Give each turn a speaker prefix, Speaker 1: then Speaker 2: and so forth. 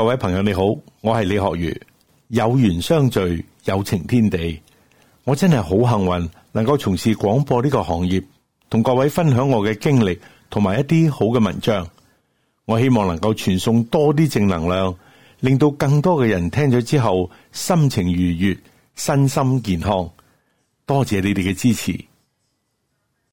Speaker 1: 各位朋友你好，我係李學儒，有緣相聚，有情天地，我真係好幸運能夠從事廣播呢個行業，同各位分享我嘅經歷同埋一啲好嘅文章，我希望能夠傳送多啲正能量，令到更多嘅人聽咗之後心情愉悅，身心健康。多謝你哋嘅支持。